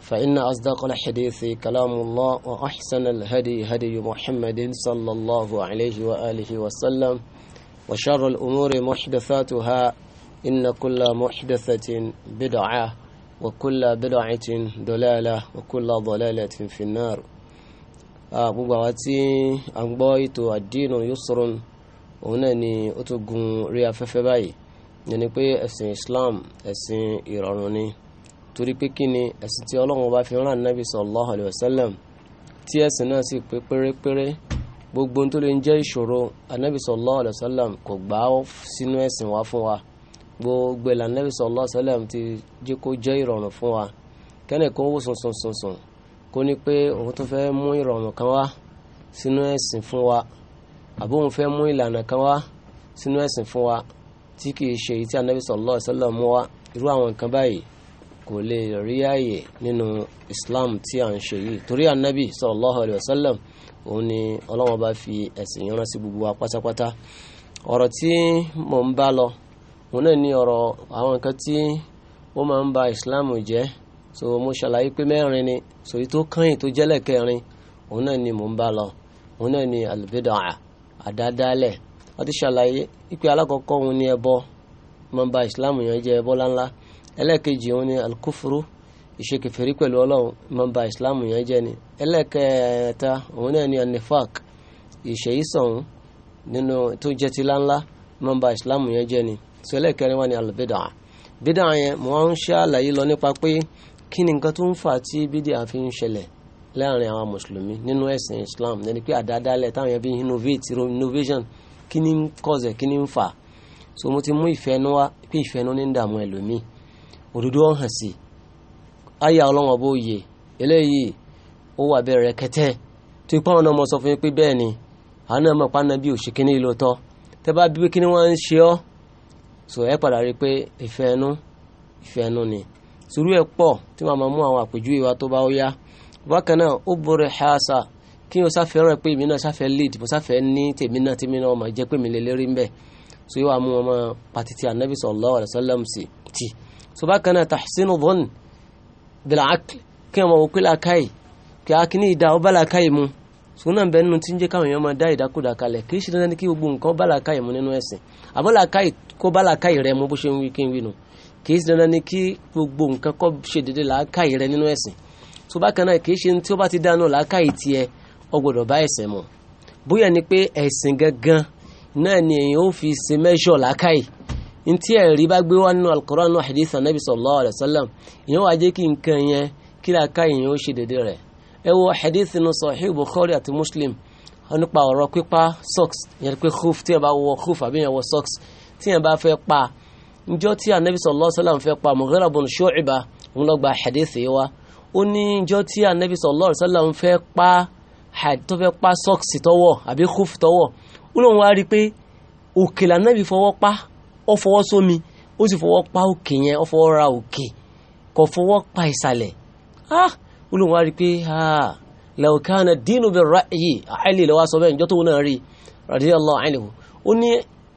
فإن أصدق الحديث كلام الله وأحسن الهدي هدي محمد صلى الله عليه وآله وسلم وشر الأمور محدثاتها إن كل محدثة بدعة وكل بدعة ضلالة وكل ضلالة في النار gbogbo àwọn tí a ń gbọ́ ètò àdínú yusrun òun náà ni torí pé kí ni ẹ̀sìn tí ọlọ́run bá fi rán ànábì sallallahu alayhi wa sallam tí ẹ̀sìn náà sì pé pérépéré gbogbo tó lè jẹ́ ìṣòro ànábì sallallahu alayhi wa sallam kò gbà á sínú ẹ̀sìn wa fún wa gbogbo ìlànà ànábì sallallahu alayhi wa ti jẹ́ kó jẹ́ ìrọ̀rùn fún wa kẹ́nìkan wò sùnsùnsùnsùn kó ní pé òun tó fẹ́ mú ìrọ̀rùn kan wá sínú ẹ̀sìn fún wa àbí òun fẹ́ mú ìlànà kan wá sínú ẹ̀sìn fún wa tí kì í ṣe èyí tí ànábì sallallahu alayhi wa sallam mú wa irú àwọn nǹkan báyìí kò lè rí àyè nínú islam tí a ń ṣe yìí torí anabi sallallahu alayhi wa sallam òun ni ọlọ́wọ́n bá fi ẹ̀sìn yẹn sí gbogbo wa pátápátá ọ̀rọ̀ tí mò ń bá lọ òun náà ní ọ̀rọ̀ àwọn nǹkan tí ó máa ń ba islam jẹ́ so mo ṣàlàyé pé mẹ́rin ni so èyí tó kàn yìí tó jẹ́lẹ̀ kẹrin òun náà ni mò ń bá lọ òun náà ni albidaa islam yẹn ẹlẹ́ẹ̀kejì òun ni alukófóró ìṣe kèfèrí pẹ̀lú ọlọ́run máa ń ba ìsìláàmù yẹn jẹ́ ni ẹlẹ́ẹ̀kẹta òun náà ni anifak ìṣe ìsọ̀hún nínú tó jẹ́ ti láńlá máa ń ba ìsìláàmù yẹn jẹ́ ni so ẹlẹ́ẹ̀kẹrin wà ní alùbídà bídà yẹn mo wá ń ṣàlàyé lọ nípa pé kí ni nǹkan tó ń fà tí bídà fi ṣẹlẹ̀ láàrin àwọn mùsùlùmí nínú ẹ̀sìn islam ẹni pé àdáadáalẹ̀ táwọn yẹn bí innovate innovation kí ni ń kọ̀ọ̀sẹ̀ kí ni ń fà so mo ti mú ìfẹ́nu wá pé ìfẹ́nu ní ń dààmú ẹlòmíì òdodo hàn sí ayé ọlọ́wọ́n bó yẹ eléyìí ó wà bẹ́ẹ̀ rẹ kẹtẹ tó ipá wọn náà mọ sọ fún yín pé bẹ́ẹ̀ ni àwọn náà mọ̀ pa náà bí òṣè kíní ìlú tọ́ tẹ́ bá bí kíní wọ́n ń ṣe ọ́ sọ ẹ padà rí i pé ìfẹ́ ẹnu ìfẹ́ ẹnu ni sùúrù ẹ̀ pọ̀ tí màmá mú àwọn àpèjúwe wa tó bá ó yá bákan náà ó borí ṣáṣà kí o sáfẹ́ rẹ̀ pé èmi náà sáfẹ́ lead mo sáfẹ́ ní tèmi náà tèmi náà mọ̀ jẹ́ pé mi lè lérí ń bẹ̀ so yóò wá mú wọn mọ́ patiti anabi sallallahu alaihi wasallam sí sọba kan náà tahsinu dhon bilakil kí wọn wọ́n pé làákàyè kí a kìíní ìdá ọba làákàyè mu sùn náà bẹ́ẹ̀ nínú tí ń jẹ́ káwọn èèyàn máa dá ìdákúdà kalẹ̀ kì í ṣe dandan kí gbogbo nǹkan ọba làákàyè mu nínú ẹ̀sìn àmọ́ làákàyè kó bá làákàyè rẹ mu bó ṣe ń wí kí n wí nu kì í ṣe dandan kí gbogbo nǹkan kó ṣe dédé làákàyè rẹ nínú ẹ̀sìn sọba kan náà kì í ṣe tí ó bá ti dáná làákàyè tiẹ̀ mu bóyá ni pé ẹ̀sìn gangan náà ni èèyàn ó fi ṣe mẹ́ṣọ̀ làákàyè ntí ẹ̀rí bá gbé wá nínú al-Qur'an nínú hadith anabi sallallahu alayhi wa sallam ìyẹn wàá jẹ́ kí nǹkan yẹn kí la ká ìyẹn ó ṣe dédé rẹ̀ ẹ wo hadith nínú sahih bukhari àti muslim nípa ọ̀rọ̀ pípa socks ìyẹn pé khuf tí yẹn bá wọ khuf àbí yẹn wọ socks tí yẹn bá fẹ́ pa njọ́ tí anabi sallallahu alayhi wa sallam fẹ́ pa Mughira bun Shu'ba òun lọ gba hadith yìí wá ó ní njọ́ tí òkèlè anabi fọwọ́ pa ó fọwọ́ sómi ó sì fọwọ́ pa òkè yẹn ó fọwọ́ ra òkè kò fọwọ́ pa ìsàlẹ̀ ah olóhùn wa rí i pé ah law kana dinu bil ra'yi àìlè lọ́wọ́ sọ bẹ́ẹ̀ njọ́ tó náà rí radiyallahu anhu ó ní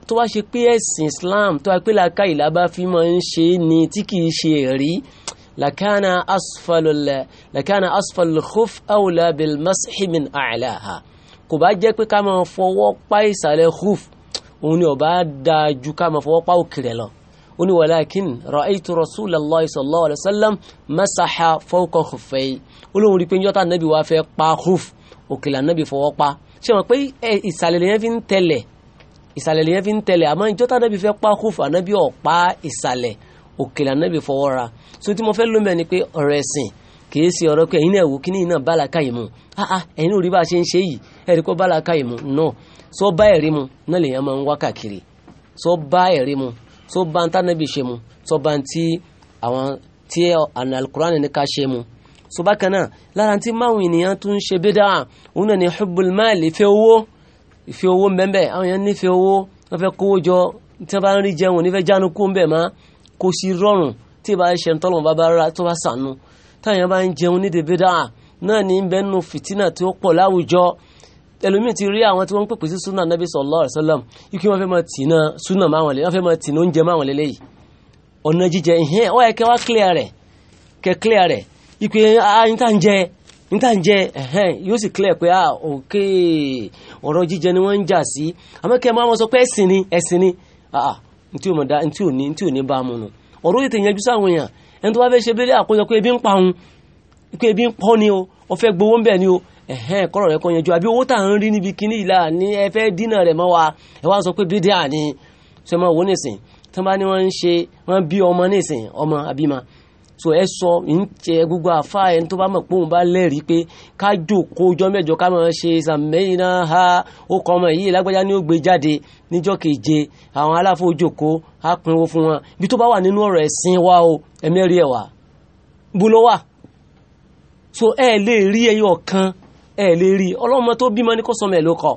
tó bá ṣe pé ẹ̀sìn Islam tó bá pé làákà ìlà bá fi máa ń ṣe ni tí kì ṣe rí làkàna asfalul làkàna asfalul khuf awla bil mashi kò bá jẹ́ pé ká máa fọwọ́ pa ìsàlẹ̀ khuf òun ni ọba dáa ju ká máa fọwọ́ pa òkèrè lọ ó ní wàlákin ra'aytu rasulallahi sallallahu alayhi wa sallam masaha fawqa khuffay olóhùn rí pé njọ́ta nàbí wàá fẹ́ pa huf òkèlè ànàbí fọwọ́ pa ṣé wọn pé ìsàlẹ̀ lèyẹn fi ń tẹ̀lẹ̀ ìsàlẹ̀ lèyẹn fi ń tẹ̀lẹ̀ àmọ́ njọ́ta nàbí fẹ́ pa huf ànàbí ọ̀pá ìsàlẹ̀ òkèlè ànàbí fọwọ́ ra so tí mo fẹ́ lómi ẹni pé ọ̀rọ̀ ẹ̀sìn kìí ṣe ọ̀rọ̀ pé ẹ̀yin náà wò kíní sọ bá ẹ̀rí mu náà lèèyàn máa ń wá káàkiri sọ bá ẹ̀rí mu sọ bá ń tánàbì ṣe mu sọ bá ń tí àwọn tí alukur'an ní ká ṣe mu sọ bákan náà lára tí máwùn ènìyàn tún ṣe bídà òun náà ní hubbul mal ìfẹ́ owó ìfẹ́ owó mbẹ́mbẹ́ àwọn èèyàn nífẹ̀ẹ́ owó wọ́n fẹ́ kówó jọ tí wọ́n bá ń rí jẹun nífẹ̀ẹ́ jánu kó mbẹ́ má kó sí rọrùn tí ìbá ṣe ń tọ́lọ̀ bá rà tó bá sànù táwọn èèyàn bá ń jẹun ní dèbídà náà ní bẹ́ẹ̀ nù fìtínà tí pọ̀ láwùjọ ẹlòmíì ti rí àwọn tí wọ́n ń pèpè sí súnà nàbí sallallahu alaihi wasallam ikú wọn fẹ́ máa tìǹà súnà máwọn lélẹ́yìn wọn fẹ́ máa tìǹà oúnjẹ máwọn lélẹ́yìn ọ̀nà jíjẹ ìhẹ́n ọ̀ ẹ̀kẹ́ wá clear rẹ̀ kẹ́ clear rẹ̀ ikú ẹ̀yìn tá ń jẹ ẹ̀yìn tá ń jẹ ẹ̀hẹ́n yóò sì clear pé ah, ok ọ̀rọ̀ jíjẹ ni wọ́n ń jà sí ni ẹ̀sìn ni ah, ah ntí ò ní ntí ò a mú nu ọ̀rọ̀ yìí ti yanjú sáwọn èèyàn ẹni tó bá fẹ́ ṣe ebi ń pa ebi ń pọ́ ni ẹ̀hẹ́n kọ́rọ̀ rẹ̀ kọ́ yanjú àbí owó tà ń rí níbi kíní ìlà ní ẹ fẹ́ dínà rẹ̀ mọ́ wa ẹ wá sọ pé bídíà ni ṣe máa wò ó nìsín tí wọ́n bá ní wọ́n ń ṣe wọ́n bí ọmọ nìsín ọmọ àbímọ so ẹ sọ ń jẹ gbogbo àfa ẹni tó bá mọ̀ pé òun bá lẹ́rìí pé ká jòkó ọjọ́ mẹ́jọ ká máa ṣe sàmẹ́yìn náà ha ó kọ́ ọmọ yìí lágbájá ni ó gbé jáde níjọ́ keje àwọn aláfo jòkó á pinwó fún wọn ibi tó bá wà nínú ọ̀rọ̀ ẹ̀sìn wa o ẹ̀mẹ́rì ẹ̀wà bó ló wà so ẹ lè rí ẹyọ kan ẹ̀ lè rí ọlọ́mọ tó bímọ ní kó sọmọ ẹ̀ ló kọ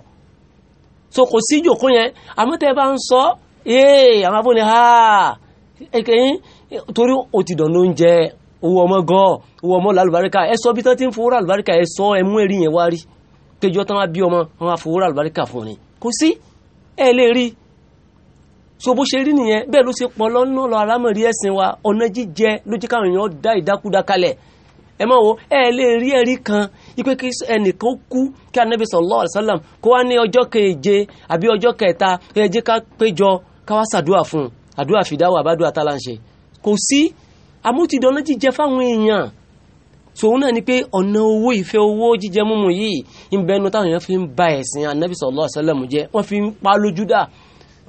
so kò sí ìjòkó yẹn àmọ́tẹ́ bá ń sọ ee àwọn abóni ha ẹ̀kẹ́yìn torí o ti dọ̀nà oúnjẹ owó ọmọ gan owó ọmọ làlùbáríkà ẹ sọ bí tán ti ń fowó làlùbáríkà ẹ sọ ẹ mú ẹrí yẹn wá rí péjọ tán wá bí ọmọ wọn á fowó làlùbáríkà fún ni kò sí ẹ lè rí so bó ṣe rí nìyẹn bẹ́ẹ̀ ló ṣe pọ̀ lọ́nà lọ alámọ̀rí ẹ̀sìn wa ọ̀nà jíjẹ ló jẹ́ káwọn èèyàn dá ìdákúdá kalẹ̀ ẹ mọ̀ wo ẹ lè rí ẹ̀rí kan ipe kí ẹnìkan kú kí anabi sallallahu alaihi wasallam kó wá ní ọjọ́ keje àbí ọjọ́ kẹta ẹ jẹ́ ká péjọ ká wá ṣàdúrà fún un àdúrà fìdáwà àbádùn àtàlàǹṣe kò sí amútidọ́nà jíjẹ fáwọn èèyàn sòun náà ni pé ọ̀nà owó ìfẹ́ owó jíjẹ múmu yìí ń bẹnu táwọn èèyàn fi ń ba ẹ̀sìn anabi sallallahu alaihi wasallam jẹ́ fi ń pa lójú dà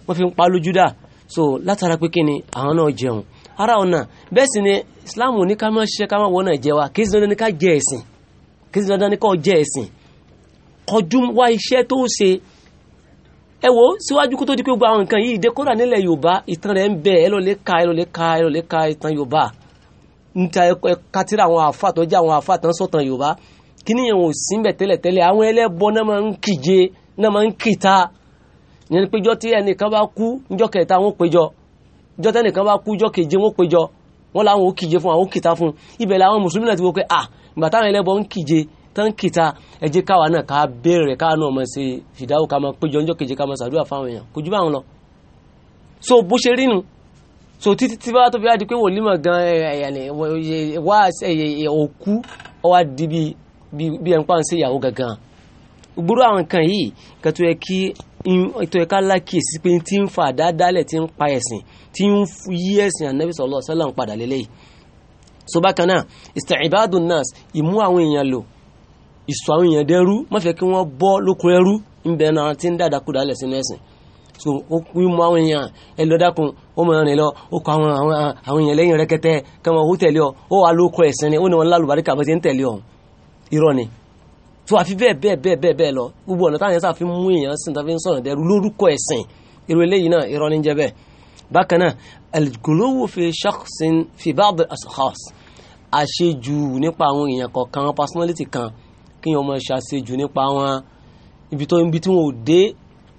wọ́n fi ń pa lójú dà so látara pé kí ni àwọn náà jẹun ara ọ̀nà bẹ́ẹ̀ sì ni islam ní ká máa ṣiṣẹ́ ká máa wọ́n náà jẹ wa kì í sì dandan ní ká jẹ ẹ̀sìn kí sí dandan ní kọ́ jẹ́ ẹ̀sìn kọjú wá iṣẹ́ tó ṣe ẹ wo síwájú kó tó di pé gbogbo àwọn nǹkan yìí dé kódà nílẹ̀ yorùbá ìtàn rẹ̀ ń bẹ ẹ lọ lè ka ẹ lọ lè ka ẹ lọ lè ka ìtàn yorùbá níta ẹ katira àwọn àfa tó jẹ́ àwọn àfa tán sọ̀tàn yorùbá kí ni ìwọ̀n òsínbẹ̀ tẹ́lẹ̀tẹ́lẹ̀ àwọn ẹlẹ́bọ náà máa ń kìje náà máa ń kìta ìyẹn péjọ tí ẹnìkan bá kú níjọ́ kẹta wọn péjọ ìjọ tẹnìkan bá kú ìjọ́ keje wọn péjọ wọn làwọn ò kìje fún àwọn ò kìta fún ibẹ̀ làwọn mùsùlùmí náà ti wọ pé ah ìgbà táwọn ẹlẹ́bọ ń kíje tán kìta ẹ jẹ́ káwa náà ká béèrè káwa náà mọ̀ ṣe fìdáwò ká máa péjọ ọjọ́ keje ká máa ṣàdúrà fáwọn èèyàn kò jù báwọn lọ. so bó ṣe rí nu so títí tí bá tó fi wá di pé wòlímọ̀ gan wá òkú ọwá di bí ẹ̀ ń pàǹsẹ̀ ìyàwó gangan. gbúrú àwọn nǹkan yìí kan tó yẹ kí ètò ẹ̀ka lákìsí pé ti ń fa àdádálẹ̀ ti ń pa ẹ̀sìn ti ń yí ẹ̀sìn ànábì sallallahu alaihi wasallam padà lélẹ́yìí so bákan náà istibadun nas ìmú àwọn èèyàn lò ìsọ àwọn èèyàn dẹrú má fẹ́ kí wọ́n bọ́ lókun ẹrú ńbẹ náà tí ń dàdàkúdà lẹ̀ sínú so ó kún mọ àwọn èèyàn ẹ lọ dákun ó mọ rìn lọ ó kọ àwọn àwọn èèyàn lẹ́yìn rẹ́kẹ́tẹ́ kẹwọn ó tẹ̀lé ọ ó wà lóko ẹ̀sìn ni ó ní wọn lálùbáríkà bó ti ń tẹ̀lé ọ irọ́ ni tó àfi bẹ́ẹ̀ bẹ́ẹ̀ bẹ́ẹ̀ bẹ́ẹ̀ bẹ́ẹ̀ lọ gbogbo ọ̀nà táwọn yẹn sáfi mú èèyàn sìn tàbí ń sọ̀rọ̀ dẹrú lórúkọ ẹ̀sìn irú eléyìí náà irọ́ ní jẹ́ bẹ́ẹ̀ bákan náà الغلو في شخص في بعض الأشخاص àṣejù nípa àwọn èèyàn kọ̀ọ̀kan personality kan kí wọ́n máa ṣàṣejù nípa wọn ibi tó ibi tí wọn ò dé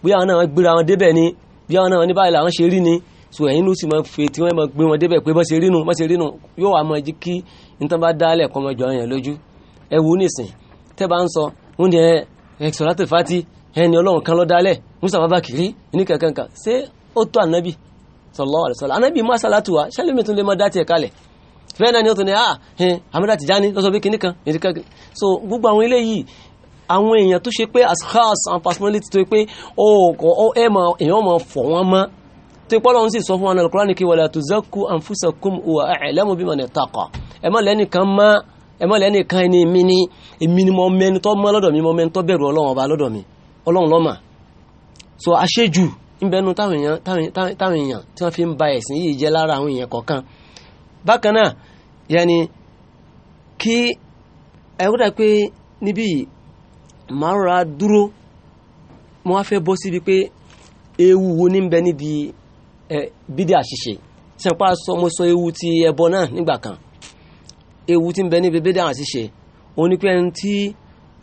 bí àwọn náà gbéra wọn débẹ̀ ni bí àwọn náà ní báyìí làwọn ṣe rí ni so ẹ̀yin ló sì máa fẹ́ tí wọ́n máa gbé wọn débẹ̀ pé bọ́ ṣe rí nu bọ́ ṣe rí nu yóò wá máa jí kí nítorí bá dálẹ̀ kọ́ máa jọ àwọn èèyàn lójú ẹ wo nísìn tẹ́ bá ń sọ wọ́n ní ẹ sọ̀rọ̀ àtẹ̀fátì ẹni ọlọ́run kan lọ́ dálẹ̀ Musa sallallahu alaihi wasallam anábì má sálátù wa ṣẹlẹ̀ mi tún lè má dá tiẹ̀ kalẹ̀ fẹ́ẹ́ náà ni ó tún ní à ah, hẹn amúdá Tìjání lọ́sọ̀ bí kìnnìkan nìkan so gbogbo àwọn eléyìí àwọn èèyàn tó ṣe pé as khas and personality tó pé ọkọ̀ ọ ẹ̀ mọ èèyàn mọ fọ̀ wọ́n mọ́ tó ipọ́ lọ́run sì sọ fún wọn Al-Qur'ani kí wala tuzakku anfusakum huwa a'lamu biman ittaqa ẹ̀ mọ́ lẹ́nìkan mọ́ ẹ̀ mọ́ lẹ́nìkan ẹni mi ni èmi ni mo mẹ́ni tó mọ́ lọ́dọ̀ mi mo mẹ́ni tó bẹ̀rù Ọlọ́run ọba lọ́dọ̀ mi Ọlọ́run lọ́mà so àṣejù ńbẹ́nu táwọn èèyàn táwọn èèyàn tí wọ́n fi ń ba ẹ̀sìn yìí jẹ́ lára àwọn èèyàn kọ̀ọ̀kan bákan náà yẹni kí ẹ̀wúdà pé níbí màá rà dúró mo wá fẹ́ bọ́ síbi pé ewu wo ní bẹ níbi bídí àṣìṣe sẹ́ńpá sọ mo sọ ewu ti ẹbọ náà nígbà kan ewu ti ń níbi bídí àṣìṣe òun ẹni tí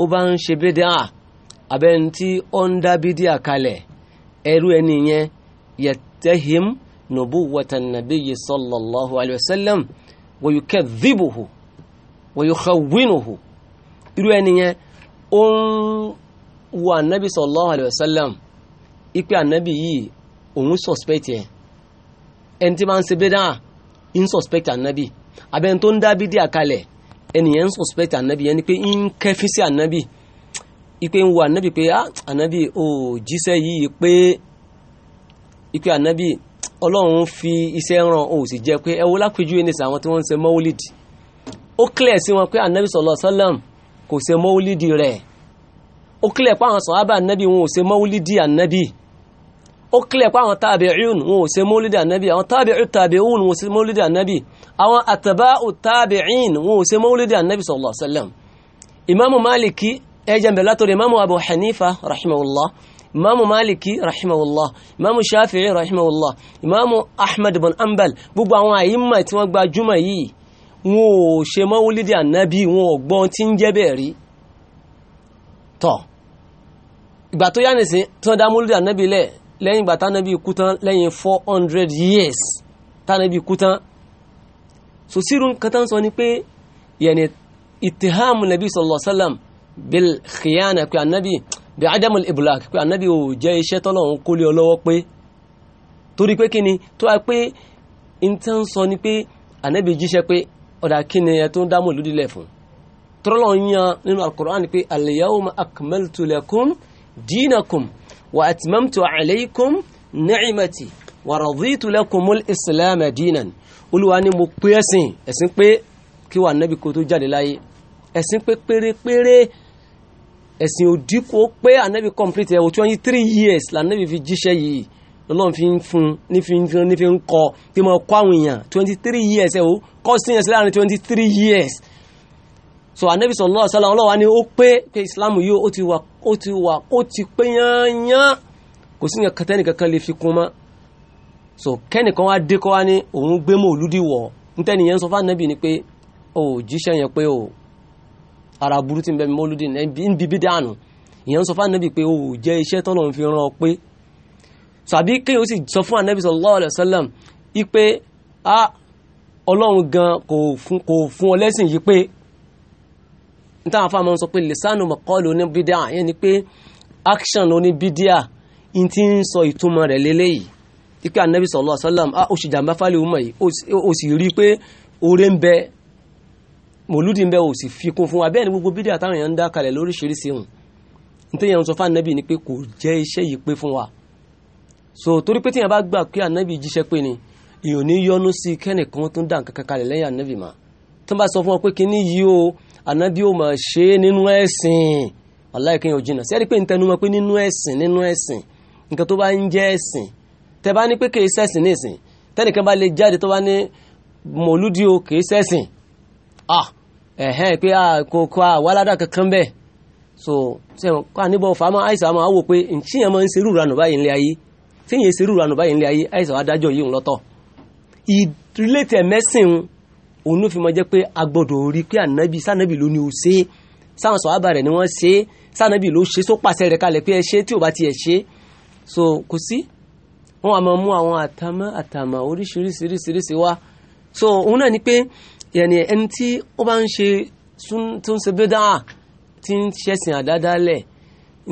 ó bá ń ṣe bídí à abẹ́ni tí ó ń dá bídí à kalẹ̀ ẹrú ẹni yẹn yẹtẹ́hìm nùbú wọ́tà nàbí yìí sallallahu alayhi wa sallam wọ́yù kẹ́dìbòhù wọ́yù kẹ́wìnòhù irú ẹni yẹn ó ń wo ànábì sallallahu alayhi wa sallam ipe ànábì yìí òun suspect yẹn ẹni tí máa ń ṣe bẹ́dà ń suspect ànábì abẹ́ni ń dá bídí àkàlẹ̀ ẹni yẹn ń suspect ànábì yẹn ni pé ń kẹ́fí sí ànábì ipe ń wo ànábì pé ah, ànábì ò jíṣẹ́ yìí pé ipe ànábì ọlọ́run fi iṣẹ́ ràn ó sì jẹ́ pé ẹ wo lápèjúwe ní sàwọn tí wọ́n ń ṣe mọ́wúlìd ó kílẹ̀ sí wọn pé ànábì sallallahu alaihi wasallam kò ṣe mọ́wúlìd rẹ̀ ó kílẹ̀ pé àwọn sàhábà ànábì wọn ò ṣe mọ́wúlìd ànábì ó kílẹ̀ pé àwọn tàbí'ùn wọn ò ṣe mọ́wúlìd ànábì àwọn tàbí'ù tàbí'ùn wọn ò ṣe mọ́wúlìd ànábì àwọn àtàbá'ù tàbí'ìn wọn ò ṣe mọ́wúlìd ànábì sallallahu alaihi wasallam Maliki ẹjẹ̀mbẹ̀ látọ̀rọ̀ imamu abu hanifa rahimahullah imamu maliki rahimahullah imamu shafi'i rahimahullah imamu ahmed bin ambal gbogbo àwọn àyíma tí wọ́n gbajúmọ̀ yìí wọn ò ṣe mawulidi ànábì wọn ò gbọ́n tí ń jẹ́ bẹ́ẹ̀ rí tọ́ ìgbà tó yá nìsín tí wọ́n dá mawulidi ànábì lẹ̀ lẹ́yìn ìgbà tánábì kú tán lẹ́yìn four years tánábì kú tán so sírun kan tán sọ ni pé yẹn ni ìtìhámù nàbí sallallahu alaihi bil khiyana pé anabi bi adamu iblak pé anabi ò jẹ́ iṣẹ́ tọ́lọ́run kó lé ọ lọ́wọ́ pé torí pé kíni tó wá pé n tí ń sọ ni pé anabi jíṣẹ́ pé ọ̀dà kíni ẹ tó ń dá mọ̀lúdì lẹ̀ fún tọ́lọ́ yan nínú alukur'an pé al yawma akmaltu lakum dinakum wa atmamtu alaykum ni'mati wa raditu lakumul islam dinan olúwa ni mo pé ẹ̀sìn ẹ̀sìn pé kí wà nábì kó tó jáde láyé ẹ̀sìn pé pérépéré ẹ̀sìn òdìkú pé ànábì complete ẹ̀wọ̀ twenty three years lànábì fi jíṣẹ́ yìí lọ́lọ́run fi ń fún nífi nífi ń kọ tí mo kọ́ àwọn èèyàn twenty three years ẹ̀wọ̀ kọ́ sí ẹ̀sìn láàrin twenty three years so ànábì sallallahu alaihi wasallam ọlọ́wà ni ó pé pé islam yìí ó ti wà ó ti wà ó ti pé yányán kò sí nǹkan tẹ́nì kankan lè fi kún mọ́ so kẹ́nìkan wá dé kọ́ wá ní òun gbé mọ́ òlúdìwọ̀ nítẹ́nìyẹn sọ fún ànábì ni pé ó jíṣẹ́ yẹn pé ó ara burú tí ń bẹ mọ́lúdì ń bíbí dànù ìyẹn ń sọ fún ànábì pé o jẹ́ iṣẹ́ tọ́lọ̀ ń fi ràn ọ pé sàbí kéèyàn ó sì sọ fún ànábì sallallahu alaihi wasallam ipe a ọlọ́run gan kò fún ọ lẹ́sìn yìí pé nítawọn afáàmọ́ sọ pé lisanu maqalu ní bídíà yẹn ni pé action ní bídíà n ti ń sọ ìtumọ̀ rẹ̀ lélẹ́yìí ipe ànábì sallallahu alaihi a ó sì jàǹbá fálẹ̀ òun mọ̀ yìí ó sì rí i pé oore ń bẹ mòlúdì ń bẹ ò sì fi kún fún wa bẹ́ẹ̀ ni gbogbo bídíà táwọn èèyàn ń dá kalẹ̀ lóríṣiríṣi hùn nítorí yẹn ń sọ fún ànábì ni pé kò jẹ́ iṣẹ́ yìí pé fún wa so torí pé tíyẹn bá gbà pé ànábì jíṣẹ́ pé ni èèyàn ní yọnu sí kẹ́nìkan tó ń dà kankan kalẹ̀ lẹ́yìn ànábì mà tó ń bá sọ fún wa pé kíní yìí o ànábì ò mà ṣe é nínú ẹ̀sìn wàláì kéèyàn ò jìnnà sẹ́ẹ̀rí pé ntẹnu mọ́ pé nínú ẹ̀sìn nínú ẹ̀sìn nǹkan tó bá ń jẹ́ ẹ̀sìn tẹ bá ní pé kèé sẹ́sìn nísìn tẹ́nìkan bá lè jáde tó bá ní mòlúdì o kèé sẹ́sìn ah ẹ̀hẹ́n pé ah, kò kọ́ àwáládà ah, kankan bẹ́ẹ̀ so sẹ́wọ̀n kọ́ àníbọ̀ fàámà àìsàn àmọ́ àwò pé ǹtí yẹn máa ń serú ìranù báyìí nílé ayé tí yẹn serú ìranù báyìí nílé ayé àìsàn adájọ́ yìí ń lọ́tọ̀ ìrìlẹ̀tẹ̀ mẹ́sìn òun ló fi mọ jẹ́ pé a gbọ́dọ̀ rí pé ànábì sànábì ló ní o ṣe sáwọn sọ àbàrẹ̀ ni wọ́n ṣe sànábì ló ṣe só pàṣẹ rẹ̀ kalẹ̀ pé ẹ ṣe tí ò bá tiẹ̀ ṣe so kò sí wọn àmọ́ mú àwọn àtàmọ́ àtàmọ́ oríṣiríṣiríṣiríṣi wá so òun náà ni pé yẹni ẹni tí ó bá ń ṣe tó ń ṣe bídà tí ń ṣẹ̀sìn àdádálẹ̀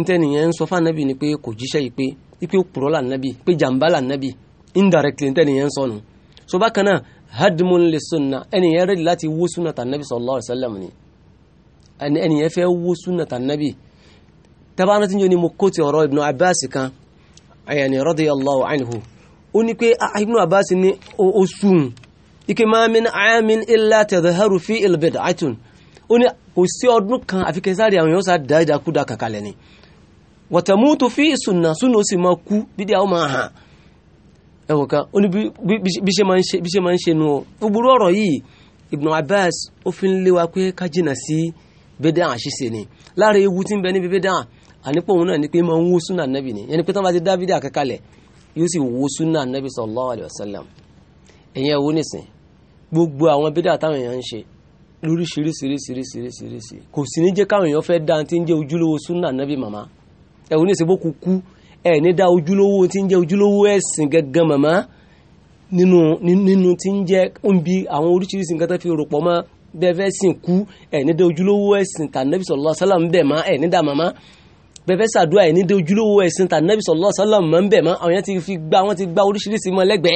ntẹ́nìyẹn ń sọ fún anabi ni pé kò jíṣẹ́ yìí pé ipe òpùrọ́ là nàbì pé jàǹbá là nàbì indirectly ntẹ́nìyẹn ń sọ nù so bákan náà hadmun li sunna ẹnìyẹn rẹ̀ láti wó sunna tà nàbì sallallahu alaihi wasallam ni ẹnìyẹn fẹ́ wó sunna tà nàbì tabaana tí ń jẹ́ ni mo kó ti ọ̀rọ̀ ibnu abbas kan ayani radiyallahu anhu ó ní pé ibnu abbas ni ó sùn ike ma min amin illa tadhaharu fi ilbid'atun ó ní kò sí ọdún kan àfi kẹsàrí àwọn yóò sá dáadáa kú dáa kàkàlẹ̀ ni watamutu fi sunna sunna ó sì máa kú bídí àwọn máa hàn ẹwọ kan ó ní bí ṣe máa ń ṣe nu ọ gbogbo ọ̀rọ̀ yìí Ibn Abbas ó fi ń léwa pé ká jìnà sí bídà àṣìṣe ewu tí ń bẹ níbi bídà ànípò òun náà ni pé máa ń sunna nabi ni ẹni pé tí wọn ti dá bídà kàkàlẹ̀ yóò sì sunna nabi sallallahu alayhi wa sallam ẹ̀yẹ wo nìsín gbogbo àwọn bídà táwọn èèyàn ń ṣe lóríṣiríṣiríṣiríṣiríṣi kò sí ní jẹ́ káwọn èèyàn fẹ́ dá ti ń jẹ́ ojúlówó súnà nábì màmá ẹ ò ní ṣe bó kú kú ẹ ní dá ojúlówó ti ń jẹ́ ojúlówó ẹ̀sìn gangan màmá nínú nínú ti ń jẹ́ òǹbi àwọn oríṣiríṣi nǹkan tó fi rò pọ̀ mọ́ bẹ́ẹ̀ fẹ́ sìn kú ẹ ní dá ojúlówó ẹ̀sìn tà nábì sallallahu alaihi bẹ́ẹ̀ má ẹ ní dá màmá bẹ́ẹ̀ fẹ́ sàdúrà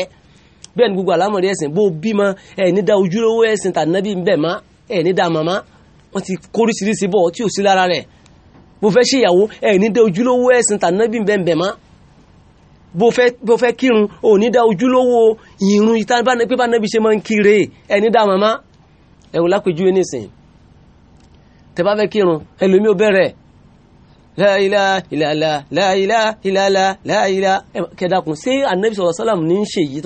ẹ bẹ́ẹ̀ ni gbogbo àlámọ̀rí ẹ̀sìn bó bímọ ẹ̀ ní da ojúlówó ẹ̀sìn tànàbí ń bẹ̀ má ẹ̀ ní da màmá wọ́n ti kóríṣiríṣi bọ̀ tí ò sí lára rẹ̀ bó fẹ́ ṣèyàwó ẹ̀ ní da ojúlówó ẹ̀sìn tànàbí ń bẹ̀ ń bẹ̀ má bó fẹ́ kírun ò da ojúlówó ìrun pé bánabi ṣe máa ń kiri ẹ̀ da màmá ẹ̀wò lápèjúwe nísìn tẹ bá fẹ́ kírun ẹlòmíì ó bẹ̀rẹ̀ láìlá ìlàlá láìlá ìlàlá láìlá kẹdàkùn sí anabi sọ̀rọ̀ sálàmù ní í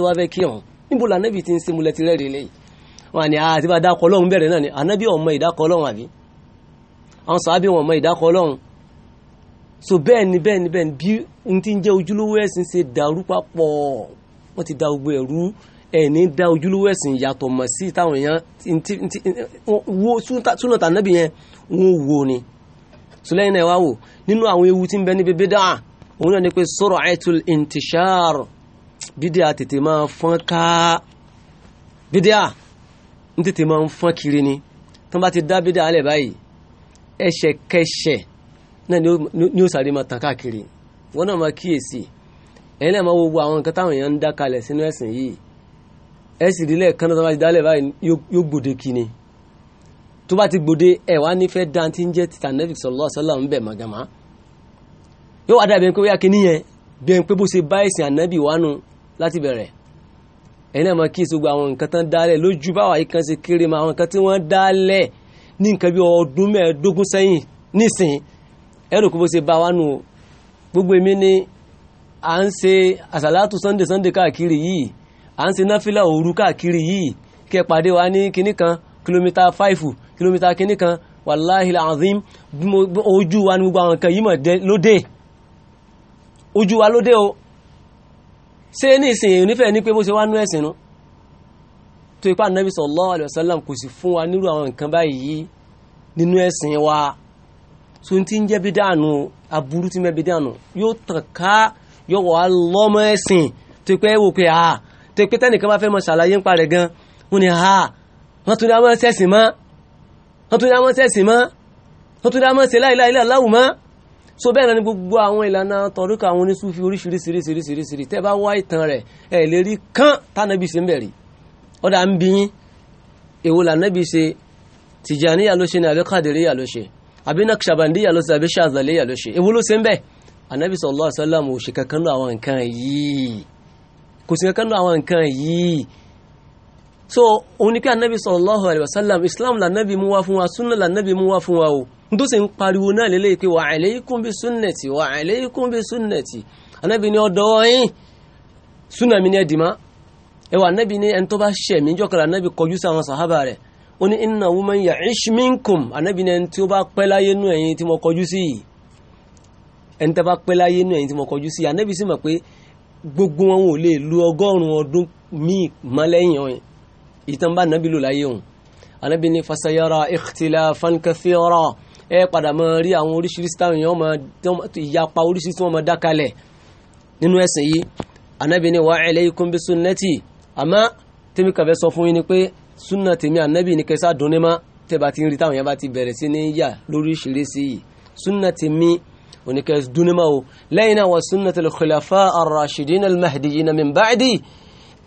anabi ti ń ṣe mulẹ̀ tirẹ̀ rẹ̀ lẹ́yìn wọn ni àti bá dákọ̀ ọlọ́run anabi ọmọ ìdákọ̀ ọlọ́run àbí àwọn sàábì wọn ọmọ ìdákọ̀ ọlọ́run so bẹ́ẹ̀ ni bẹ́ẹ̀ ni bẹ́ẹ̀ ni bí n ti ń jẹ́ ojúlówó ẹ̀sìn ṣe dàrú papọ̀ wọ́n ti da sùlẹ́yìn náà wá wò nínú àwọn ewu tí ń bẹ níbi bídà òun náà ni pé sur'atul intishar bídà tètè máa fọ́n ká bídà ń tètè máa ń fọ́n kiri ni tó bá ti dá bídà alẹ̀ báyìí ẹsẹ̀kẹsẹ̀ náà ni ó sáré máa tàn káàkiri wọn náà máa kíyèsí ẹ̀yin náà máa wo àwọn nǹkan táwọn èèyàn ń dá kalẹ̀ sínú ẹ̀sìn yìí ẹ̀sìn ìdílé kan náà tó bá ti dálẹ̀ báyìí yóò gbòde kí ni tó bá ti gbòde ẹ̀ wá nífẹ̀ẹ́ dantí ń jẹ́ títà nẹ́fì sallallahu alaihi wasallam ń bẹ̀ màgàmá yóò wá dàbí ẹni pé wíyàkí níyẹn bí ẹni pé bó ṣe bá ẹ̀sìn ànábì wánu láti bẹ̀rẹ̀ ẹ̀yin náà máa kí èso gba àwọn nǹkan tán dálẹ̀ lójú báwa yìí kan ṣe kéré ma àwọn nǹkan tí wọ́n dálẹ̀ ní nǹkan bí ọdún mẹ́ẹ̀ẹ́dógún sẹ́yìn nísìn ẹ̀rù kó bó ṣe bá wánu o gbogbo èmi ni à ń ṣe àṣàlátù sunday sunday káàkiri yìí à ń ṣe náfìlà òru káàkiri yìí kí ẹ pàdé wa ní kinní kan kìlómítà fáìfù kìlómítà kìíní kan wàláhìl azim ojú wa ní gbogbo àwọn nǹkan yìí mọ̀ lóde ojú wa lóde o ṣé ní ìsìn èyàn nífẹ̀ẹ́ ní pé bó ṣe wá nú ẹ̀sìn nú tó ipá nàbí sallallahu alaihi wasallam kò sì fún wa nírú àwọn nǹkan báyìí nínú ẹ̀sìn wa tó ti ń jẹ́ bí dànù aburú ti mẹ́bi dànù yóò tàn ká yóò wà ẹ̀sìn tó pé wò pé a tó pé tẹ́nìkan bá fẹ́ mọ ṣàlàyé ń parẹ̀ gan wọ́n ni ha wọ́n tún ní àwọn ẹ̀sìn mọ́ wọ́n tún dá mọ́ sẹ́sìn mọ́ wọ́n tún dá mọ́ sí láìláìlá láwù so bẹ́ẹ̀ ni gbogbo àwọn ìlànà tọ̀ríkà àwọn oníṣúfi oríṣiríṣiríṣiríṣiríṣi tẹ́ bá wá ìtàn rẹ̀ ẹ̀ lè rí kán tánàbí ṣe ń bẹ̀rẹ̀ ọ̀dà ń bí yín èwo lànàbí ṣe tìjàníyà ló ṣe ní àbí kàdìríyà ló ṣe àbí nàkṣàbàndíyà ló ṣe àbí ṣàzàlẹ́yà ló ṣe èwo ló ṣe ń bẹ̀ ànàbí sallallahu so onike anabi sallallahu alayhi wa sallam islam lànàbí anabi wá fún wa sunna lànàbí mú wá fún wa o n se pariwo naa lélẹ́yìí pe wa alaykum bi sunnati wa alaykum bi sunnati anabi ni ọ̀dọ́ yín sunna mi ni ẹ̀ ma ẹ anabi ni ẹni tó bá mi mí jọ́kọ̀ọ́ anabi kọjú sí àwọn sahaba rẹ̀ o ni inna woman ya anabi ni ẹni tí ó bá pẹ́ láyé nú anabi sì mọ̀ gbogbo wọn ò lè lu ọgọ́rùn-ún ọdún míì ìtàn bá nàbí lò láyé òun anábì ní fasayara ikhtilafan kathira ẹ padà máa rí àwọn oríṣiríṣi táwọn èèyàn máa ìyapa oríṣiríṣi tí wọ́n máa dákalẹ̀ nínú ẹ̀sìn yìí anábì ní wa alaykum bi sunnati àmọ́ tèmi kàfẹ́ sọ fún yín ni pé sunna tèmi anábì ní kẹsà dùn ní ma tẹ́ bá ti ń rí táwọn èèyàn bá ti bẹ̀rẹ̀ sí ní yà lóríṣiríṣi yìí sunna tèmi oníkẹ́ dùn ní ma o lẹ́yìn náà wa sunnatul khulafa ar-rashidin al-mahdiyyin min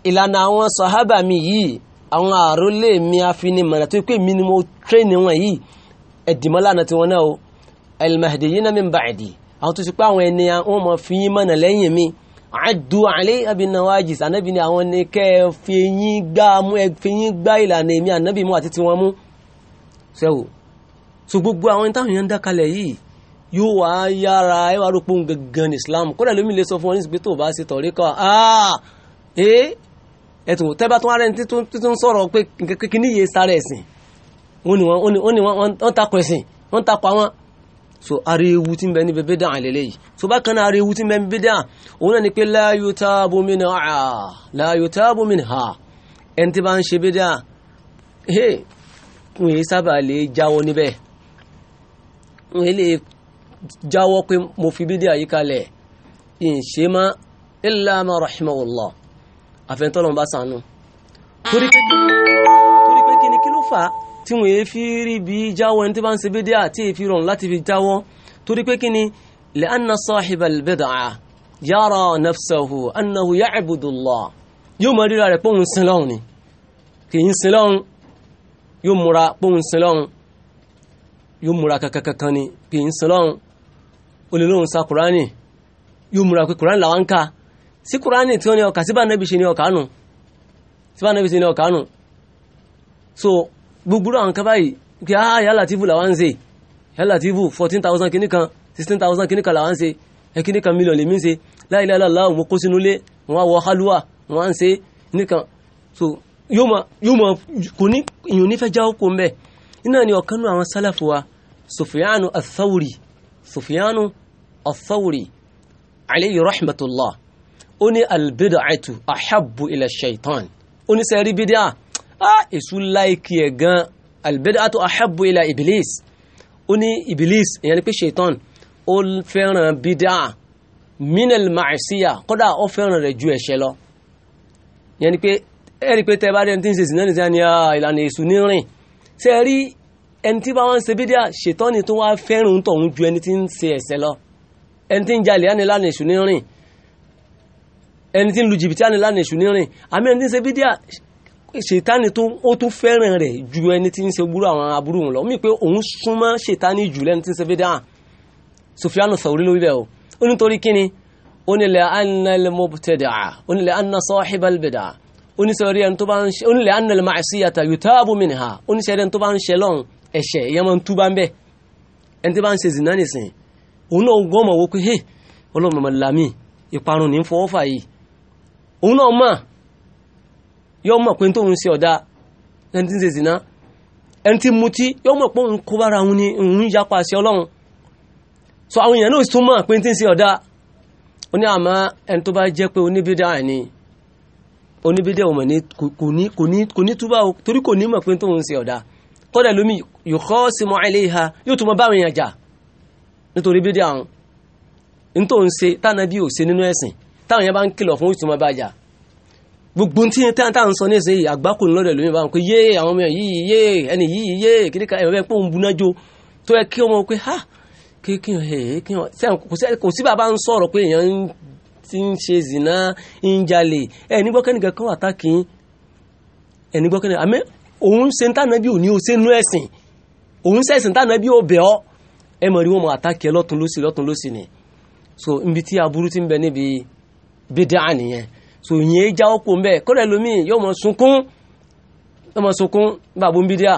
ìlànà àwọn sahaba mi yìí àwọn àrólé mi afinimọ̀nà tó pé mi ni mo tréni wọn yìí ẹ̀dìmọ́lànà tí wọn náà o al-mahdiyina min ba'di àwọn tó ti pé àwọn ẹni wọn mọ̀ fi yín mọ̀nà lẹ́yìn mi àdú àlẹ́ àbí nawajis ànábì ni àwọn ni kẹ́ ẹ fi yín gbá mú ẹ fi yín gbá ìlànà èmi ànábì mú àti tiwọn mú sẹ́wò so gbogbo àwọn táwọn èèyàn ń dákalẹ̀ yìí yóò wá yára ẹ wá rúpọ̀ gangan Islam kódà lómi lè sọ fún wọn nígbà tó bá ṣe tọ̀ríkọ̀ ah eh, ee ẹ̀tù tẹ́bá tó rẹ̀ títún sọ̀rọ̀ pé kíní yìí sáré ẹ̀sìn wọ́n ni wọ́n takọ̀ ẹ̀sìn wọ́n takọ̀ àwọn so ara ewu tí ń bẹ níbi bídà àlẹ́lẹ́ yìí so bákan náà ara ewu tí ń bẹ níbi bídà òun náà ni pé la yutabu minha la yutabu minha ẹni tí bá ń ṣe bídà he n yìí sábà lè jáwọ́ níbẹ̀ n yìí lè jáwọ́ pé mo fi bídà yìí kalẹ̀ ìṣe má illa ma rahimahullah àfẹnitọ́lọ́n bá sànù ah. torí pé kí ni kí ló fà á tí wọ́n yé fi rí bí jáwọ́ ẹni tí bá ń ṣe bídíà àti èfi rọrùn láti fi jáwọ́ torí pé kí ni li'anna sahibal bid'ah yara nafsahu annahu ya'budullah yóò mọ ríra rẹ̀ pọ́hùn sin lọ́hùn ni kì í sin yóò múra pọ́hùn sin yóò múra kankankan ni kì í sin lọ́hùn sa kùránì yóò múra pé kùránì làwọn ń ka sí kúránì tí ó ní ọkà síbà nẹ́bí ṣe ní ọkà nù síbà nẹ́bí ṣe ní ọkà nù so gbogbo àwọn kan báyìí kí á yà látìfù làwọn ń ṣe yà látìfù fourteen thousand kìíní kan sixteen thousand kìíní kan làwọn ń ṣe ẹ kìíní kan mílíọ̀nù lèmi ṣe láì láì mo kó sínú ilé wọn wọ halluwa wọn á ń ṣe nìkan so yóò mọ yóò mọ kò ní ìyún nífẹ̀ẹ́ jáwó kó ń bẹ̀ iná ni ọ̀kan nù àwọn sálàfù wa Sufyanu ath-Thawri Sufyanu ath-Thawri ó ní albid'atu ahabbu ila shaitan ó ní sẹ́rí bídíà á èṣù láìkì ẹ̀ gan albid'atu ahabbu ila iblis ó ní iblis ìyẹn ni pé shaitan ó fẹ́ràn bídíà minal ma'asiya kódà ó fẹ́ràn rẹ̀ ju ẹ̀ṣẹ̀ lọ ìyẹn ni pé ẹ̀rí pé tẹ́ bá rí ẹni tí ń ṣe sí náà nìyẹn ni ìlànà èṣù ní rìn sẹ́rí ẹni tí bá wọn ṣe bídíà shaitan ni tó wá fẹ́ràn tọ̀hún ju ẹni tí ń ṣe ẹ̀ṣẹ̀ ẹni tí ń lu jìbìtì àni lánàá èṣù nírìn àmì ẹni tí ń ṣe bídíà ṣètánì tó ó tó fẹ́ràn rẹ̀ ju ẹni tí ń ṣe burú àwọn aburú wọn lọ mí pé òun súnmọ́ ṣètánì jù lẹ́ni tí ń ṣe bídíà Sufyanu Thawri lórí rẹ̀ o ó nítorí kíni ó nílẹ̀ anal mubtadi'a ó nílẹ̀ anna sahibal bid'a ó nítorí ẹni tó bá ń ṣe ó nílẹ̀ anal ma'siyata ẹni tó bá ń ṣe lọ́n ẹ̀ṣẹ̀ ìyẹn máa ń ìparun ní fọwọ́fà yìí òun náà mọ̀ yọ mọ̀ pé tóun ṣe ọ̀dá ẹni tí ń ṣe zìnà ẹni tí mutí yọ mọ̀ pé òun kó bára òun ni òun yapa sí ọlọ́run so àwọn èèyàn náà tún mọ̀ pé tí ń ṣe ọ̀dá ó ní àmọ́ ẹni tó bá jẹ́ pé oníbídà ni oníbídà ọmọ ni kò ní túbà o torí kò ní mọ̀ pé tóun ṣe ọ̀dá kọ́dà lómi yòókọ́ sí mọ́ àìlèyà yóò tún mọ báwọn èèyàn jà nítorí bídà àwọn ní tóun ṣe tánàbí ò ṣe nínú ẹ̀sìn táwọn yẹn bá ń kìlọ̀ fún ìtumọ̀ bàjá gbogbo tí yẹn tán táwọn sọ ní ẹsẹ̀ yìí àgbákò lọ́dọ̀ lómi bá ń pè yé àwọn ọmọ yìí yé ẹni yìí yé kíríkà ẹ̀rọ bẹ́ẹ̀ pé òun buná jo tó yẹ kí ọmọ pé ha kò sí bàbá ń sọ̀rọ̀ pé èèyàn ti ń ṣe zìnà ń jalè ẹ̀ nígbọ́kẹ́nìkan kan wà tákìín ẹ̀ nígbọ́kẹ́nìkan àmẹ́ òun ṣe ń tànà bí òní o ṣe nú ẹ̀sìn òun sẹ́sìn tànà bí ó bẹ̀ ẹ mọ̀ rí wọn àtàkì ẹ lọ́tún lósì lọ́tún lósì ni so ibi tí aburú ti ń bẹ níbi bídà nìyẹn so yẹn jáwọ́ kó mbẹ́ kọ́dọ̀ ẹlòmíì yóò mọ sunkún yóò mọ sunkún bàbá ń bídà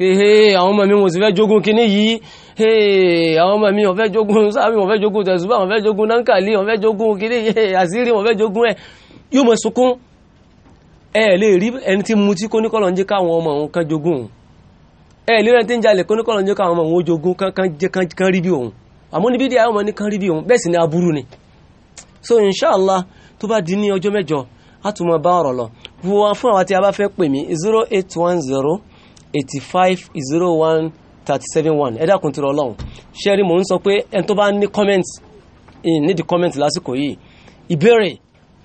hehe àwọn ọmọ mi wọn sì fẹ́ jogún kínní yìí hee àwọn ọmọ mi wọn fẹ́ jogún sábì wọn fẹ́ jogún tẹ̀sùbà wọn fẹ́ jogún nankali wọn fẹ́ jogún kínní yìí àṣírí wọn fẹ́ jogún ẹ̀ yóò mọ sunkún ẹ lè rí ẹni tí mutí kó ní kọ́lọ̀ ń jẹ́ káwọn ọmọ òun kan jogún ẹ lè rí ẹni tí ń jalè kó ní kọ́lọ̀ ń jẹ́ káwọn ọmọ òun jogún kan rí bí òun àmọ́ níbi díẹ̀ àwọn ọmọ ní kan rí bí òun bẹ́ẹ̀ sì ni aburú ni so inshallah tó bá di ní ọjọ́ mẹ́jọ a tún máa bá ọ̀rọ̀ lọ wo wa fún àwa tí a bá fẹ́ pè mí zero eight one zero eighty five zero one thirty seven one ẹ dákun tó rọ ọlọ́run ṣẹ́rí mò ń sọ pé ẹni tó bá ní comment nídìí comment lásìkò yìí ìbéèrè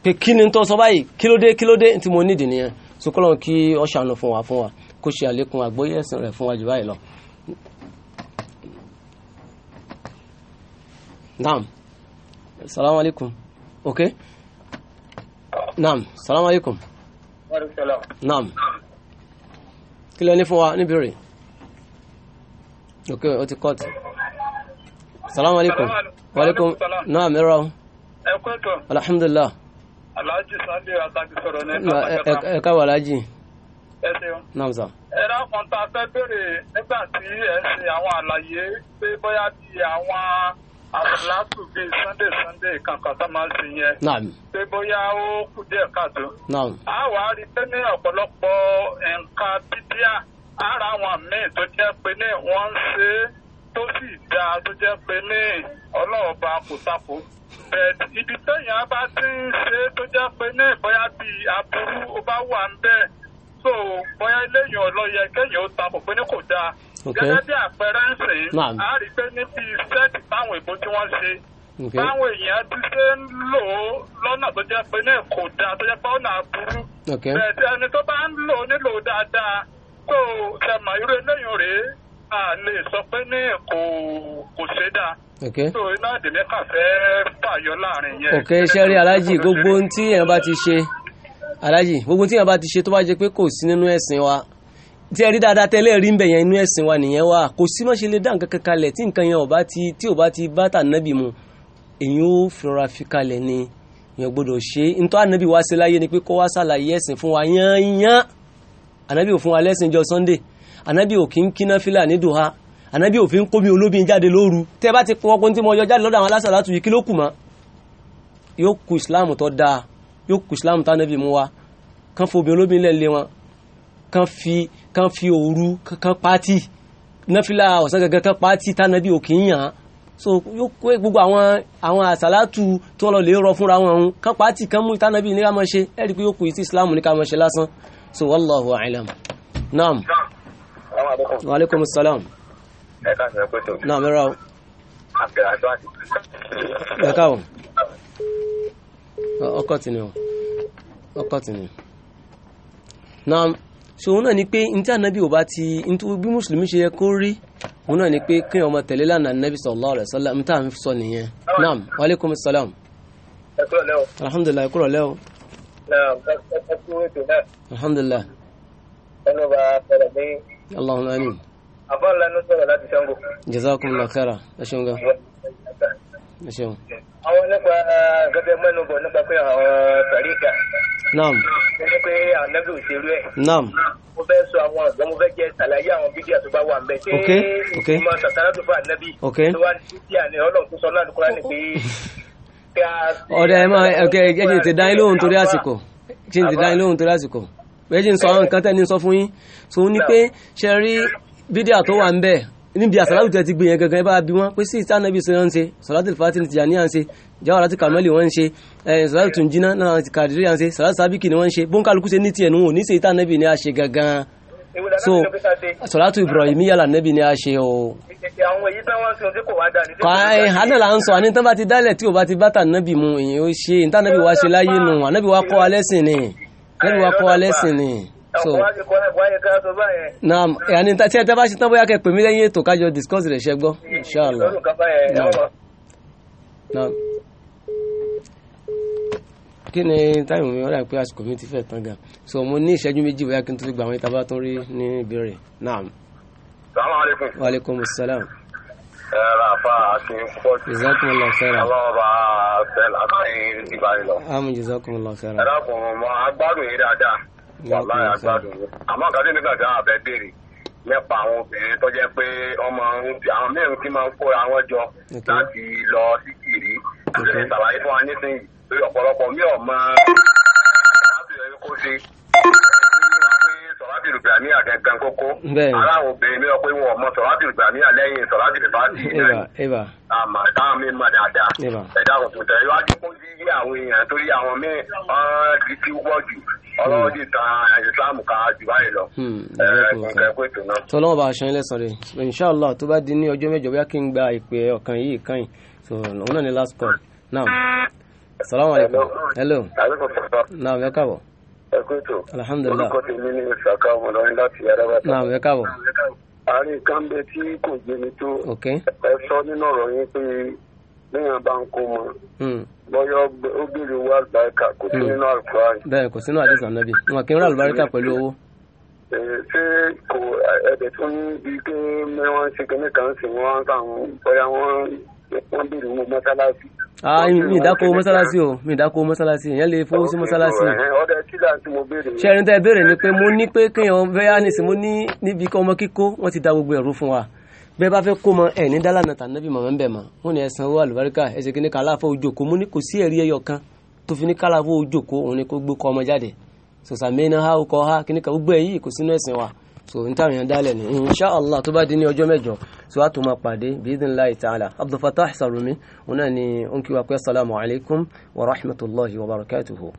pé kí ni tó sọ báyìí kí ló dé kí ló dé tí mo nídìí nìyẹn so kọ́lọ́n kí ọ ṣàánú fún wa fún wa kó ṣe àlékún àgbóyè ẹ̀sìn rẹ̀ fún wa jù báyìí lọ. naam salaam okay naam salaam aleykum. wàllu salaam. naam kí ló ní fún wa níbèrè ok o ti kọ́ọ̀tù salaam aleykum waaleykum naam irọ́ ẹ̀kọ́tọ̀ alhamdulilah. alhaji sande ataki sọ̀rọ̀ ní ẹ̀ka ẹ̀ka wà alhaji. ẹ ṣeun. naam sa. ẹ dákun tá fẹ́ béèrè nígbà tí ẹ ṣe àwọn àlàyé pé bóyá bíi àwọn àfúlàtù bíi sunday sunday kankan tó máa ń sin yẹn. pé bóyá ó kù díẹ̀ káàtó. a wà á rí pé ní ọ̀pọ̀lọpọ̀ nǹkan bídíà ara àwọn míì tó jẹ́ pé ní wọ́n ń ṣe é tó sì dáa tó jẹ́ pé ní ọlọ́ọ̀ba kò tako. bẹ̀ẹ̀ ibi téèyàn bá ti ń ṣe é tó jẹ́ pé ní bóyá bíi aburú ó bá wà ń bẹ́ẹ̀ so bóyá eléyìí ọlọ́yẹ kéèyàn ó tako pé ní kò dáa gẹ́gẹ́ bí àpẹẹrẹ ń sìn á rí pé níbi sẹ́ẹ̀tì táwọn èbó tí wọ́n ṣe báwọn èèyàn ti ṣe ń lò ó lọ́nà tó jẹ́ pé náà kò dáa tó jẹ́ pé ọ̀nà àbúrú bẹ́ẹ̀ tí ẹni tó bá ń lò ó nílò dáadáa kó o ṣẹ̀mọ̀ irú eléyìí rèé a lè sọ pé ní kò kò ṣe dáa so iná ìdèmí kà fẹ́ fàyọ láàrin yẹn. ok sẹ́rí alájì gbogbo ohun tí èèyàn bá ti ṣe alájì gbogbo ohun tí èèyàn bá ti ṣe tó bá jẹ́ pé kò sí nínú ẹ̀sìn wa tí ẹ rí dáadáa tẹ́lẹ̀ rí ń bẹ̀ yẹn inú ẹ̀sìn wa nìyẹn wà kò sí má ṣe lè dá nǹkan kan kalẹ̀ tí nǹkan yẹn ọba ti tí ọba ti bá tà nábì mu èyí ó fìrọra fi kalẹ̀ ni èèyàn gbọ́dọ̀ ṣe ntọ́ ànábì wá sí láyé ni pé kó wá sàlàyé ẹ̀sìn fún wa yányán ànábì ò fún wa lẹ́sìn jọ sunday ànábì ò kí ń kíná fílà ní dùhà ànábì ò fi ń kómi olóbi jáde lóru tẹ́ bá ti pọ́n pọ́n tí mo yọ jáde lọ́dọ̀ àwọn alásàlátù yìí kí ló kù mọ́ wa kán fòbi olóbi wọn kan fi kan fi òru kan pàtì náfìlà ọ̀sán gangan kan pàtì tánàbí òkè ń yàn án so yóò kó gbogbo àwọn àwọn àsálàtù tó lọ lè rọ fúnra wọn ọ̀hún kan pàtì kan mú tánàbí ní ká máa ṣe ẹ rí i pé yóò kù yìí tí islam ní ká máa ṣe lásán so wallahu a'lam naam wa aleykum salaam naam ẹ ra o ẹ ọkọ tì ní o ọkọ tì ní naam so òun náà ni pé ní tí ànábì ò bá ti bí mùsùlùmí ṣe yẹ kó rí òun náà ni pé kí ọmọ tẹ̀lé lánàá ànábì sallallahu alaihi wasallam ní tí à ń sọ nìyẹn naam wa alaikum salam. ẹ kúrò lẹ́wọ̀. alhamdulilayi kúrò lẹ́wọ̀. naam ẹ kúrò ètò náà. alhamdulilayi. ẹnu bá fẹlẹ ní. allahumma amin. àbọ̀ ńlá ló sọ̀rọ̀ láti sango. jazakumullahu khairan ẹ ṣeun gan ṣeun. àwọn nípa gẹ́gẹ́ mẹ́nubọ̀ nípa pé àwọn tàríkà. naam. ẹni pé ànábì òṣèlú ẹ̀. naam. mo fẹ́ sọ àwọn ọ̀gbọ́n mo fẹ́ jẹ́ ṣàlàyé àwọn bídíà tó bá wà ń bẹ̀. ok ok ṣé ìmọ̀ sàkárà tó fà nábì. ok tó wà ní bídíà ni ọlọ́run tó sọ náà lùkúrá ni pé. ọ̀dà ẹ̀ máa ẹ̀ ẹ̀ jẹ́ ti dá yín lóhùn torí àsìkò ṣe ti dá yín lóhùn torí àsìkò ẹ̀ jẹ́ ń sọ àwọn nǹkan tẹ́ sọ fún yín so ní pé ṣe rí bídíà tó wà ń bẹ̀ níbi àsàlátù tẹ ti gbé yẹn gangan ẹ bá bí wọn pé sí ìta nàbí sọyọ ń ṣe sọlátù fati ní Tìjàníyà ń ṣe Jawaratul Kamali wọn ń ṣe sọlátù Tunjina náà ti Kàdírìyà ń ṣe sọlátù sábìkì ni wọn ń ṣe bóńkálukú ṣe ní tiẹ̀ nù wọn ní ṣe ìta nàbí ni a ṣe gangan so sọlátù Ibrahimiyya là nàbí ni a ṣe o. àwọn èyí tán wọn sọ tí kò wá dà ní. kàn án là ń sọ mu èyí ó ṣe ìta nàbí wa ṣe láyé nù ànàbí wa kọ́ so naam yanni tí ẹ tẹ́ bá ṣe tán bóyá kẹ́ pè mí lẹ́yìn ètò kájọ discuss rẹ̀ ṣe inshallah naam kí ni táìmù mi ọ̀rẹ́ pé àsìkò mi ti fẹ́ tán gan so mo ní ìṣẹ́jú méjì bóyá kí n tó fi gbà wọ́n ìta bá tún rí ní ìbéèrè naam. salaamaleykum. waaleykum salaam. ẹ ra fa akin pọ́ọ̀tù. jazakumullah khairan. ọlọ́wọ́ bá a fẹ́ látàrí ìbánilọ. àmì jazakumullah khairan. ẹ dákun mọ agbádùn yìí dáadáa. wàláyà gbádùn àmọ́ nǹkan nígbà tí àwọn abẹ béèrè nípa àwọn obìnrin tó pé ọmọ àwọn máa ń jọ láti lọ sí kiri àti ṣàlàyé fún wa nísìnyí lórí mi ò mọ kó ṣe. sọ̀rọ̀dìlù gbàmí àgàngàn kókó aláwọ̀ obìnrin mi ọ̀pẹ́ wọn ọmọ sọ̀rọ̀dìlù gbàmí àlẹ́yìn náà àmà táwọn mi mọ̀ dáadáa ẹ̀dá òkùnkùn tẹ̀lé wá dé kún sí àwọn èèyàn torí àwọn mi ti ti wọ́ jù ọlọ́run ti tan ìsìlámù ká jù báyìí lọ hmm. ẹ̀ẹ́dẹ̀kẹ́ hmm. ètò náà. tọ́lọ́wọ́n bá aṣọ yín lẹ́sàn rẹ̀ inṣàlá tó bá di ní ọjọ́ mẹ́jọ bóyá kí n gba ìpè ọ̀kan yìí kan yìí so òun náà ni last call now salamu hello naam ẹ káàbọ̀ ẹ kú ètò. alhamdulilah orúkọ tèmi ni saka ọmọlọrin láti yarabata. naam ẹ káàbọ̀. àárín kan tí kò yé mi tó. ok ẹ sọ nínú ọ̀rọ̀ yín pé léèyàn bá ń kó mọ. Hmm. bọ́yọ̀ ó béèrè owó àlùbáríkà kò sí hmm. nínú àlùfáàyè. bẹ́ẹ̀ kò sínú àdìsàn náà bí wọn kì í rán àlùbáríkà pẹ̀lú owó. ṣé kò ẹ̀bẹ̀ tó ń bi pé wọ́n ṣe kíní kan sí wọ́n kàn bọ́yá wọ́n béèrè owó mọ́sálásí. Ah, mi ìdáko mọ́sálásí o mi ìdáko mọ́sálásí èèyàn lè fowó sí mọ́sálásí. ṣé tẹ́ béèrè ni pé mo ní pé kéèyàn bẹ́yà ní sinmi ní níbi kí ọmọ kíkó wọ́n ti da gbogbo ẹ̀rú fún wa bẹ́ẹ̀ bá fẹ́ kó mọ ẹ̀ ní dálànà tànàbí màmá ń bẹ̀ mọ́ wọn ni ẹ̀sán owó àlùbáríkà ẹ̀sẹ̀ kí ní kàláfọ́ òjòkó mo ní kò sí ẹ̀rí ẹyọ kan tó fi ní kàláfọ́ òjòkó òun ni kó gbé kọ́ ọmọ jáde sọ̀sàmẹ́ná ha ó kọ́ ha kí ní kà gbogbo ẹ̀ yìí kò sínú ẹ̀sìn wa so n táwọn èèyàn dálẹ̀ ni inṣàlá tó bá di ní ọjọ́ mẹ́jọ tí wàá tó máa pàdé bi'idhnillahi ta'ala abdulfatah salumi òun náà ni ó ń kí wa pé assalamu wa rahmatulahi wa barakatuhu.